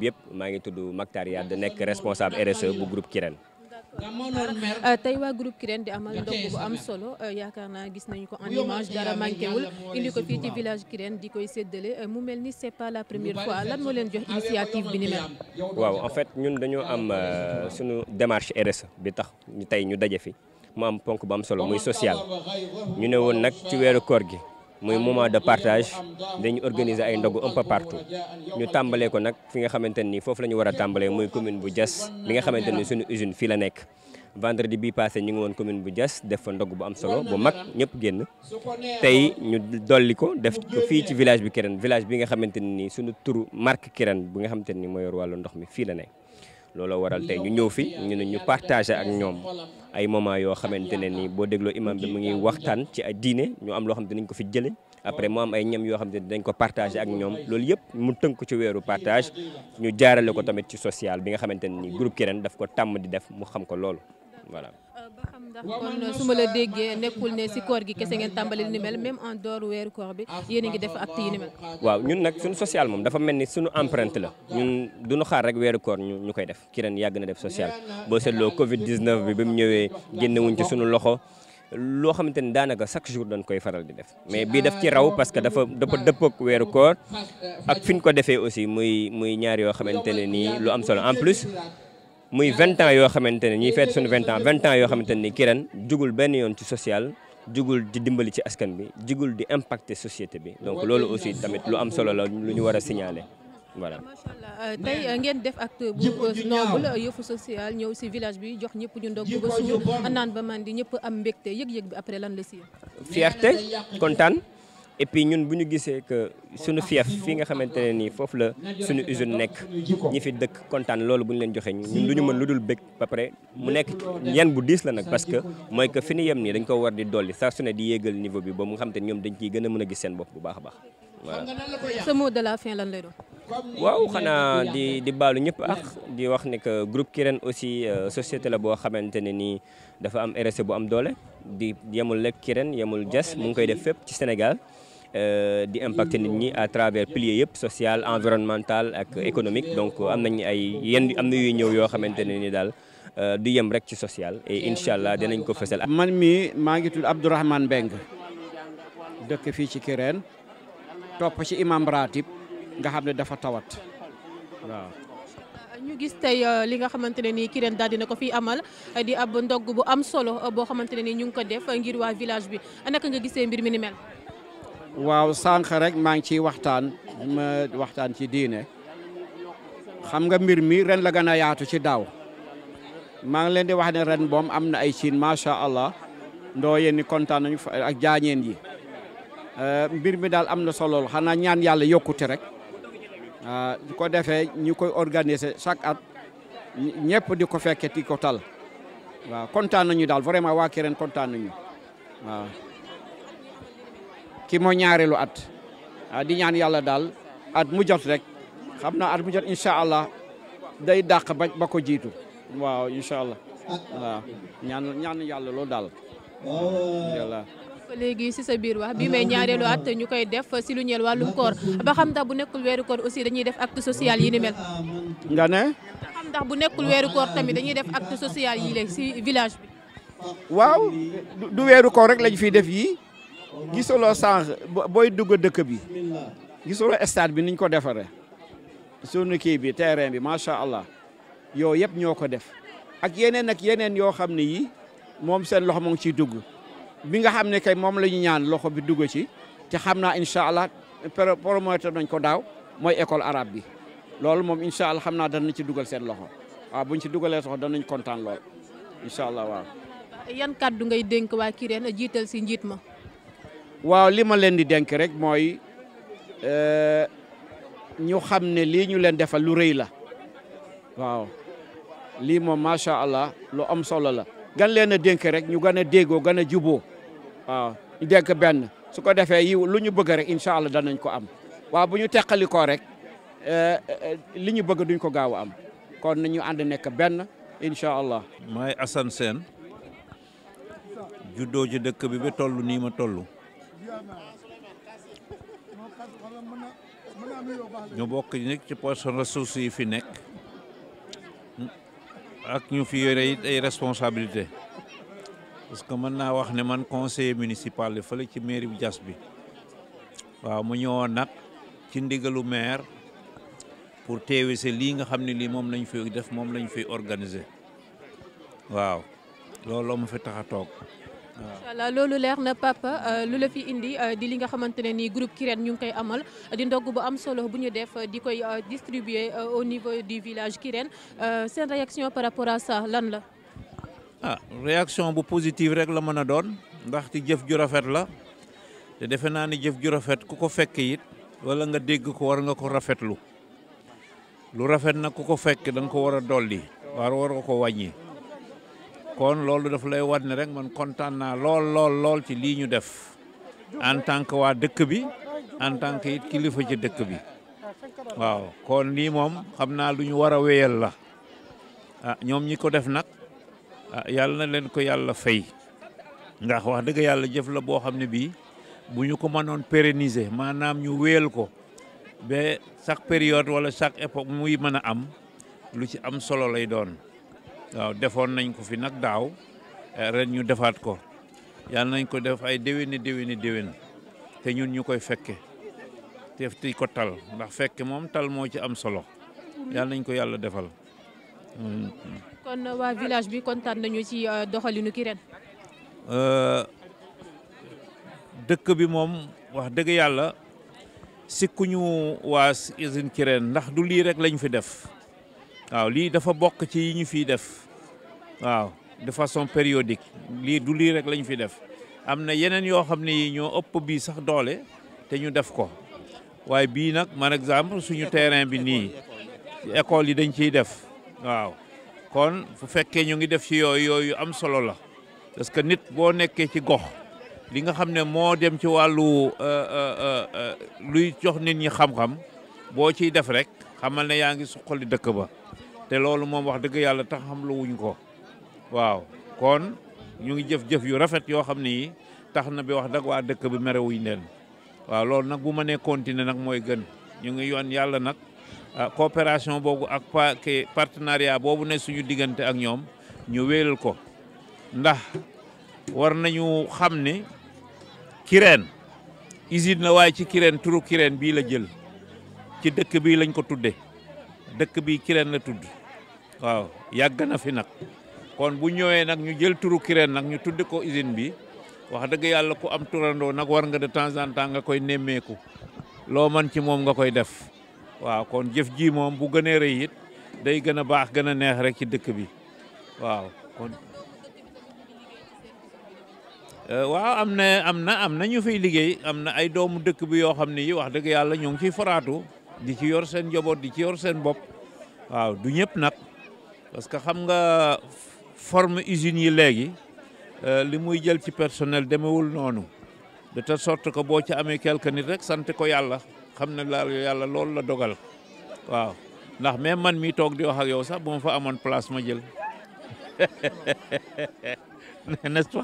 yëpp maa ngi tudd Mactar Yade nekk responsable RSE bu groupe Kirène. Euh, tey waa groupe Kirène di amal ndogu bu am solo euh, yaakaar naa gis nañu ko en image dara manqué wul indi ko fii ci village Kirène di koy séddale euh, mu mel ni c'est pas la première fois lan moo leen jox initiative bi ni mel. waaw en fait ñun dañoo am suñu démarche RSE bi tax ñu tey ñu daje fi mu am ponk bu am solo muy social ñu ne woon nag ci weeru koor gi. muy moment de partage dañu organiser ay ndogu un peu partout ñu tàmbalee ko nag fi nga xamante ni foofu la ñu war a tàmbalee muy commune bu Diass bi nga xamante ni suñu usine fii la nekk vendredi bi passé ñu ngi woon commune bu Diass def fa ndogu bu am solo bu mag ñëpp génn tey ñu dolli ko def ko fii ci village bi Kirène village bi nga xamante ni suñu turu marque Kirène bi nga xamante ni moo yor wàllu ndox mi fii la nekk looloo waral tey ñu ñëw fi ñu ne ñu partagé ak ñoom ay moment yoo xamante ne nii boo dégloo imam bi mu ngi waxtaan ci ay diine ñoo am loo xam ne dinañ ko fi jële après mu am ay ñam yoo xam ne dañ ko partagé ak ñoom loolu yëpp mu ko ci weeru partage ñu jaarale ko tamit ci social bi nga xamante ne nii groupe Kirène daf ko tàmm di def mu xam ko loolu voilà nga xam su ma la déggee nekkul ne si koor gi kese ngeen tàmbali ni mel même en dehors weeru koor bi yéen a ngi def acte yi ni mel. waaw ñun nag suñu social moom dafa mel ni suñu empreinte la ñun duñu xaar rek weeru koor ñu ñu koy def ki ren yàgg na def social boo seetloo Covid 19 bi ba mu ñëwee génnewuñ ci suñu loxo. loo xamante ni daanaka chaque jour dañ koy faral di def mais bii daf ci raw parce que dafa dafa dëpp ak weeru koor ak fi ñu ko defee aussi muy muy ñaar yoo xamante ne nii lu am solo en plus muy vingt ans yoo xamante ne ñuy feet suñu vingt ans vingt ans yoo xamante ne ki ren jugul benn yoon ci social jugul di dimbali ci askan bi jugul di impacter société bi donc loolu aussi tamit lu am solo la lu ñu war a signaler voilà. macha euh, euh, ngeen def acte bu euh, noble yëfu social ñëw si village bi jox ñëpp ñu ndog ba suur naan ba mandi ñëpp am mbégte yëg-yëg bi après lan la si. fierté kontaan. et puis ñun bu ñu gisee que suñu fief fii nga xamante ne nii foofu la suñu usine nekk ñi fi dëkk kontaan loolu bu ñu leen joxee ñun lu ñu mën lu dul bëgg ba mu nekk yan bu diis la nag parce que mooy que fi ñu yem nii dañ ko war di dolli saa su di yéegal niveau bi ba mu nga xamante ne ñoom dañ ciy gën a mën a gis seen bopp bu baax a baax voilà. sa mot de lan lay waaw xanaa di di baalu ñëpp ak di wax ne que groupe Kirène aussi euh, société la boo xamante ne nii dafa am RSE bu am doole di yemul lekk Kirène yemul Diass mu ngi koy def fépp ci Sénégal Euh, di impacter nit ñi à travers piliers yëpp social environnemental ak économique donc am nañu ay yenn am na yuy ñëw yoo xamante ne ni daal euh, du yem rek ci social et incha allah dinañ ko fësal. man mi maa ngi tudd Abdourahmane Mbeng dëkk fii ci Kirène topp ci imam ratib nga xam ne dafa tawat waaw. ñu gis tey euh, li nga xamante ne nii Kirène daal dina ko fi amal di ab ndog bu am solo boo xamante ne nii ñu ngi ko def ngir waa village bi naka nga gisee mbir mi ni mel. waaw sànq rek maa ngi ciy waxtaan waxtaan ci diine xam nga mbir mi ren la gën a yaatu ci daaw maa ngi leen di wax ne ren boom am na ay siin macha allah ndoo yéen ni kontaan nañu ak jaañeen yi euh, mbir mi daal am na solo xanaa ñaan yàlla yokkute rek ah, su ko defee ñu koy organiser chaque at ñëpp di ko fekke ti ko tal waaw kontaan nañu daal vraiment waa Kirène kontaan nañu waaw. ki moo ñaareelu at ah, di ñaan yàlla daal at mu jot rek xam na at mu jot allah day dàq ba ba ko jiitu waaw incha allah ñaan yàlla loolu daal yàlla léegi si sa biir wax bi may ñaareelu at ñu koy def si lu ñeel wàllum koor ba xam ndax bu nekkul weeru koor aussi dañuy def acte social yi ni mel. nga ne. bu nekkul weeru koor tamit dañuy def acte social yii léegi si village bi. waaw du weeru koor rek lañ fi def yii. gisuloo sànq booy dugg dëkk bi gisuloo stade bi niñ ko defaree sunu kii bi terrain bi macha allah yow yëpp ñoo ko def ak yeneen ak yeneen yoo xam ne yi moom seen loxo moo ngi ciy dugg bi nga xam ne kay moom la ñu ñaan loxo bi dugg ci te xam naa incha allah promoteur nañ ko daaw mooy école arabe bi loolu moom incha allah xam naa danañ ci dugal seen loxo waaw buñ ci dugalee soxla danañ kontaan lool incha allah waaw. yan kàddu ngay dénk waa Kirène jiital si njiit ma. waaw li ma leen di denk rek mooy eh, ñu xam ne lii ñu leen defal lu rëy la waaw lii moom macha allah lu am solo la gan leen a dénk rek ñu gën a déggoo gën a juboo waaw ñu dénk benn su ko defee yiw lu ñu bëgg rek incha allah danañ ko am waaw bu ñu teqalikoo rek eh, eh, li ñu bëgg duñ ko gaaw a am kon nañu ànd nekk benn incha allah. maay Assane Sène juddoo ci dëkk bi ba toll nii ma tollu ñu bokk nag ci personnes ressources yi fi nekk ak ñu fi yore ay responsabilité parce que mën naa wax ne man conseiller municipal la ci mairie bu Diass bi waaw mu ñëwoon nag ci ndigalu maire pour TVC lii nga xam ne lii moom lañ fi def moom lañu fi organiser waaw loolu mu fi tax a toog incha allah loolu leer na papa euh, lu la fi indi euh, di li nga xamante ne nii groupe kireen ñu ngi koy amal di dogg bu am solo bu ñu def di koy euh, distribuer au niveau du village Kirène seen réaction par rapport a ça lan la. ah réaction bu positive rek la mën a doon ndax ndaxte jëf ju rafet la te defe naa ni jëf ju rafet ku ko fekk it wala nga dégg ko war nga ko rafetlu lu rafet na ku ko fekk da nga ko war a dolli war war nga ko wàññi. kon loolu dafa lay wan rek man kontaan naa lool lool lool ci lii ñu def en tant que waa dëkk bi en tant que kilifa ci dëkk bi waaw kon lii moom xam naa lu ñu war a wéyal la ah ñoom ñi ko def nag ah yàlla leen ko yàlla fay ndax wax dëgg yàlla jëf la boo xam ne bii bu ñu ko mënoon pérenniser maanaam ñu wéyal ko ba chaque période wala chaque époque muy mën a am lu ci am solo lay doon. waaw defoon nañ ko fi nag daaw eh, ren ñu defaat ko yàlla nañ ko def ay déwéni déwéni déwén te ñun ñu koy fekke te di ko tal ndax fekke moom tal moo ci am solo yàlla nañ ko yàlla defal. Mm-hmm. kon waa village bi kontaan nañu ci euh, doxalinu ki euh, dëkk bi moom wax dëgg yàlla sikkuñu waa usine Kirène ndax du lii rek lañ fi def waaw lii dafa bokk ci yi ñu fiy def waaw de façon périodique lii du lii rek lañu fi def am na yeneen yoo xam ne yi ñoo ëpp bii sax doole te ñu def ko waaye bii nag man exemple suñu terrain bi nii école yi dañ ciy def waaw kon fu fekkee ñu ngi def ci yooyu yooyu am solo la parce que nit boo nekkee ci gox li nga xam ne moo dem ci wàllu euh, euh, euh, luy jox nit ñi xam-xam boo ciy def rek xamal ne yaa ngi suqali dëkk ba te loolu moom wax dëgg yàlla tax xam lu wuñ ko waaw kon ñu ngi jëf-jëf yu rafet yoo xam ne yi tax na bi wax dëgg waa dëkk bi mere wuñ leen waaw loolu nag bu mënee continuer nag mooy gën ñu ngi yoon yàlla nag ah, coopération boobu ak partenariat boobu ne suñu diggante ak ñoom ñu wéyal ko ndax war nañu xam ne kireen usine na waaye ci kireen turu kireen bii la jël ci dëkk bii lañ ko tudde dëkk bii kireen la tudd waaw yàgg na fi nag kon bu ñëwee nag ñu jël turu Kirène nag ñu tudd ko usine bi wax dëgg yàlla ku am turandoo nag war nga de temps en temps nga koy nemmeeku loo man ci moom nga koy def waaw kon jëf ji moom bu gënee rëy it day gën a baax gën a neex rek ci dëkk bi waaw eh, waaw am na am na am na ñu fiy liggéey am na ay doomu dëkk bi yoo xam ne yi wax dëgg yàlla ñoo ngi ciy foraatu di ci yor seen njaboot di ci yor seen bopp waaw du ñëpp nag parce que xam nga forme usine yi léegi euh, li muy jël ci personnel demewul noonu de sort sorte que boo ci amee quelque nit rek sant ko yàlla xam ne la yàlla loolu la dogal waaw ndax même man mi toog di wax yow sax bu ma fa amoon place ma jël n'est-ce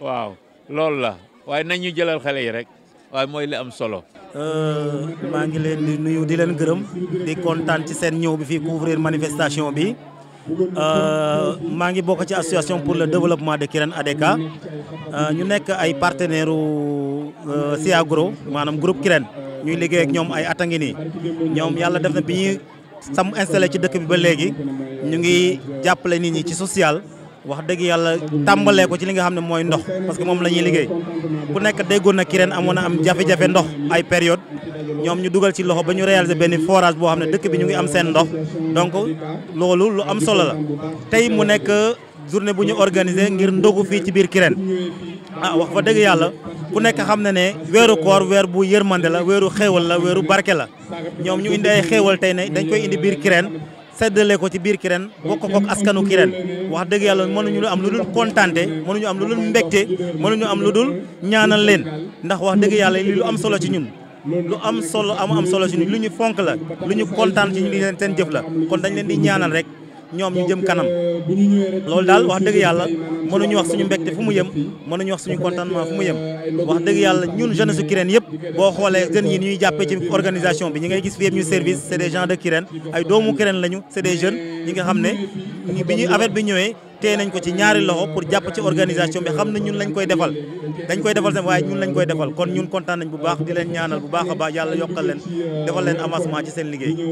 waaw loolu la waaye nañ ñu jëlal xale yi rek waaye mooy li am solo. Euh, maa ngi leen di nuyu di leen gërëm di kontaan ci seen ñëw bi fii couvrir manifestation bi. Euh, maa ngi bokk ci association pour le développement de Kirène ADK euh, ñu nekk ay partenaire u euh, Siagro maanaam groupe Kirène ñuy liggéey ak ñoom ay at a ngi nii ñoom yàlla def na bi ñuy sam installé ci dëkk bi ba léegi ñu ngi jàppale nit ñi ci social wax dëgg yàlla tàmbalee ko ci li nga xam ne mooy ndox parce que moom la ñuy liggéey bu nekk déggoon na kireen amoon na am jafe-jafe ndox ay période ñoom ñu dugal ci loxo ba ñu réaliser benn forage boo xam ne dëkk bi ñu ngi am seen ndox donc loolu lu am solo la tey mu nekk journée bu ñu organiser ngir ndogu fii ci biir kireen ah wax fa dëgg yàlla bu nekk xam na ne weeru koor weer bu yërmande la weeru xéewal la weeru barke la ñoom ñu indi ay xéewal tey ne dañ koy indi biir kireen feddale ko ci biir Kirène bokk ko askanu Kirène wax dëgg yàlla mënuñu lu am lu dul kontaante mënuñu am lu dul mbégte mënuñu am lu dul ñaanal leen ndax wax dëgg yàlla yi lu am solo ci ñun lu am solo am am solo ci ñun lu ñu fonk la lu ñu kontaan ci ñu leen seen jëf la kon dañ leen di ñaanal rek ñoom ñu jëm euh, kanam loolu daal wax dëgg yàlla mënuñu wax suñu mbégte fu mu yëm mënuñu wax suñu contentement fu mu yëm euh, wax dëgg yàlla ñun jeunesse su Kirène yëpp boo xoolee jeunes yi ñuy jàppee ci organisation bi ñi ngay gis fi yëpp ñu service c'est des gens de Kirène ay doomu Kirène lañu c'est des ñi nga xam ne bi ñuy affaire bi ñëwee tee ko ci ñaari loxo pour jàpp ci organisation bi xam ne ñun lañ koy defal dañ koy defal seen waaye ñun lañ koy defal kon ñun kontaan nañ bu baax di leen ñaanal bu a baax yàlla yokkal leen defal leen avancement ci seen liggéey